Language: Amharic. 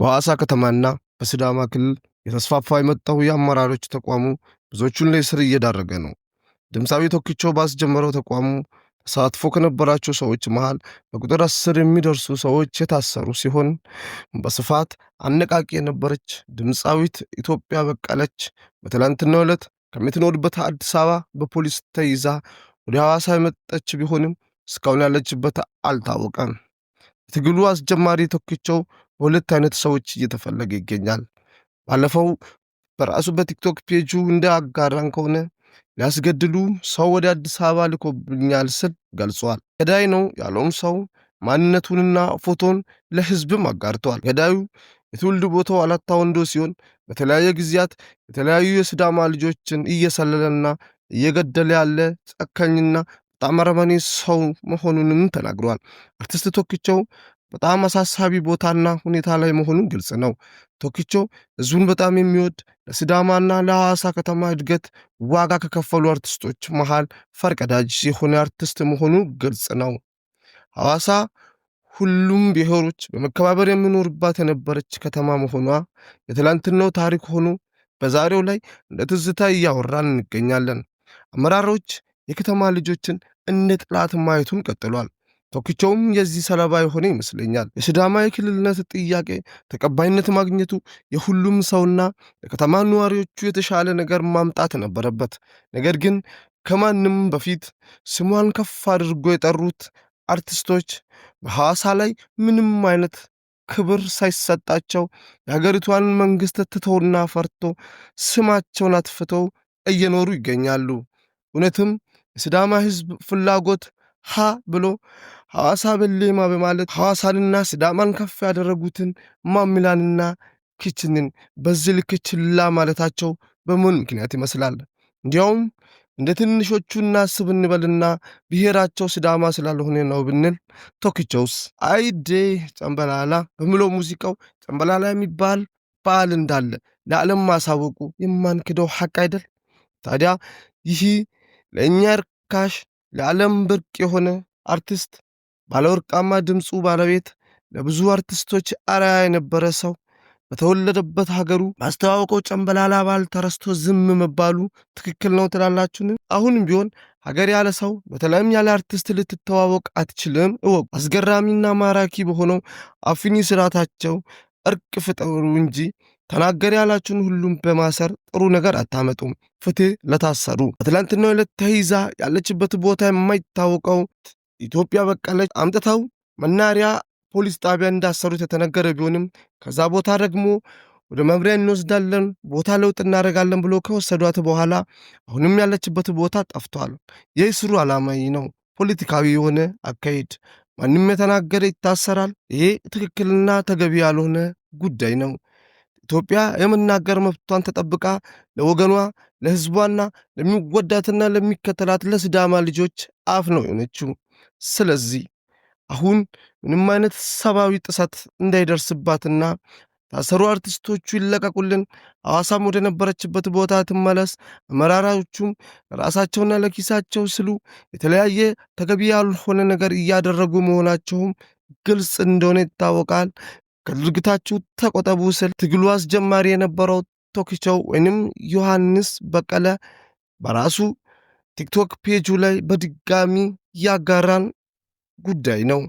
በሐዋሳ ከተማና በስዳማ ክልል የተስፋፋ የመጣው የአመራሮች ተቋሙ ብዙዎቹን ለእስር እየዳረገ ነው። ድምፃዊ ቶኪቻው ባስጀመረው ተቋሙ ተሳትፎ ከነበራቸው ሰዎች መሃል በቁጥር አስር የሚደርሱ ሰዎች የታሰሩ ሲሆን በስፋት አነቃቂ የነበረች ድምፃዊት ኢትዮጵያ በቀለች በትላንትናው ዕለት ከምትኖርበት አዲስ አበባ በፖሊስ ተይዛ ወደ ሐዋሳ የመጠች ቢሆንም እስካሁን ያለችበት አልታወቀም። የትግሉ አስጀማሪ ቶኪቻው በሁለት አይነት ሰዎች እየተፈለገ ይገኛል። ባለፈው በራሱ በቲክቶክ ፔጁ እንደ አጋራን ከሆነ ሊያስገድሉ ሰው ወደ አዲስ አበባ ልኮብኛል ስል ገልጿል። ገዳይ ነው ያለውም ሰው ማንነቱንና ፎቶን ለህዝብም አጋርተዋል። ገዳዩ የትውልድ ቦታው አላታ ወንዶ ሲሆን በተለያየ ጊዜያት የተለያዩ የስዳማ ልጆችን እየሰለለና እየገደለ ያለ ጨካኝና በጣም አረመኔ ሰው መሆኑንም ተናግረዋል። አርቲስት ቶክቸው በጣም አሳሳቢ ቦታና ሁኔታ ላይ መሆኑን ግልጽ ነው። ቶኪቾ ህዝቡን በጣም የሚወድ ለስዳማና ለሐዋሳ ከተማ እድገት ዋጋ ከከፈሉ አርቲስቶች መሃል ፈርቀዳጅ የሆነ አርቲስት መሆኑ ግልጽ ነው። ሐዋሳ ሁሉም ብሔሮች በመከባበር የሚኖርባት የነበረች ከተማ መሆኗ የትላንትናው ታሪክ ሆኖ በዛሬው ላይ እንደ ትዝታ እያወራን እንገኛለን። አመራሮች የከተማ ልጆችን እንደ ጠላት ማየቱን ቀጥሏል። ቶኪቾም የዚህ ሰለባ የሆነ ይመስለኛል። የሲዳማ የክልልነት ጥያቄ ተቀባይነት ማግኘቱ የሁሉም ሰውና ለከተማ ነዋሪዎቹ የተሻለ ነገር ማምጣት ነበረበት። ነገር ግን ከማንም በፊት ስሟን ከፍ አድርጎ የጠሩት አርቲስቶች በሐዋሳ ላይ ምንም አይነት ክብር ሳይሰጣቸው የሀገሪቷን መንግሥት ትተውና ፈርቶ ስማቸውን አትፍተው እየኖሩ ይገኛሉ። እውነትም የሲዳማ ሕዝብ ፍላጎት ሀ ብሎ ሐዋሳ በሌማ በማለት ሐዋሳንና ስዳማን ከፍ ያደረጉትን ማሚላንና ክችንን በዚህ ልክ ችላ ማለታቸው በምን ምክንያት ይመስላል? እንዲያውም እንደ ትንሾቹ እናስብ እንበልና ብሔራቸው ስዳማ ስላልሆነ ነው ብንል፣ ቶክቸውስ አይዴ ጨምበላላ በምሎ ሙዚቃው ጨምበላላ የሚባል በዓል እንዳለ ለዓለም ማሳወቁ የማንክደው ሐቅ አይደል? ታዲያ ይህ ለእኛ እርካሽ ለዓለም ብርቅ የሆነ አርቲስት፣ ባለወርቃማ ድምፁ ባለቤት፣ ለብዙ አርቲስቶች አርያ የነበረ ሰው በተወለደበት ሀገሩ ማስተዋወቀው ጨንበላላ ባል ተረስቶ ዝም መባሉ ትክክል ነው ትላላችሁን? አሁንም ቢሆን ሀገር ያለ ሰው በተለይም ያለ አርቲስት ልትተዋወቅ አትችልም። እወቁ። አስገራሚና ማራኪ በሆነው አፍኒ ስርዓታቸው እርቅ ፍጠሩ እንጂ ተናገር ያላችሁን ሁሉም በማሰር ጥሩ ነገር አታመጡም። ፍትህ ለታሰሩ በትላንትናው ዕለት ተይዛ ያለችበት ቦታ የማይታወቀው ኢትዮጵያ በቀለች አምጥተው መናሪያ ፖሊስ ጣቢያ እንዳሰሩት የተነገረ ቢሆንም ከዛ ቦታ ደግሞ ወደ መምሪያ እንወስዳለን ቦታ ለውጥ እናደርጋለን ብሎ ከወሰዷት በኋላ አሁንም ያለችበት ቦታ ጠፍቷል። የእስሩ ዓላማዊ ነው ፖለቲካዊ የሆነ አካሄድ። ማንም የተናገረ ይታሰራል። ይሄ ትክክልና ተገቢ ያልሆነ ጉዳይ ነው። ኢትዮጵያ የመናገር መብቷን ተጠብቃ ለወገኗ ለሕዝቧና ለሚወዳትና ለሚከተላት ለስዳማ ልጆች አፍ ነው የሆነችው። ስለዚህ አሁን ምንም አይነት ሰብአዊ ጥሰት እንዳይደርስባትና ታሰሩ አርቲስቶቹ ይለቀቁልን፣ ሐዋሳም ወደ ነበረችበት ቦታ ትመለስ። አመራራዎቹም ለራሳቸውና ለኪሳቸው ስሉ የተለያየ ተገቢ ያልሆነ ነገር እያደረጉ መሆናቸውም ግልጽ እንደሆነ ይታወቃል። ከድርጊታችሁ ተቆጠቡ ስል ትግሉ አስጀማሪ የነበረው ቶክቻው ወይንም ዮሐንስ በቀለ በራሱ ቲክቶክ ፔጁ ላይ በድጋሚ ያጋራን ጉዳይ ነው።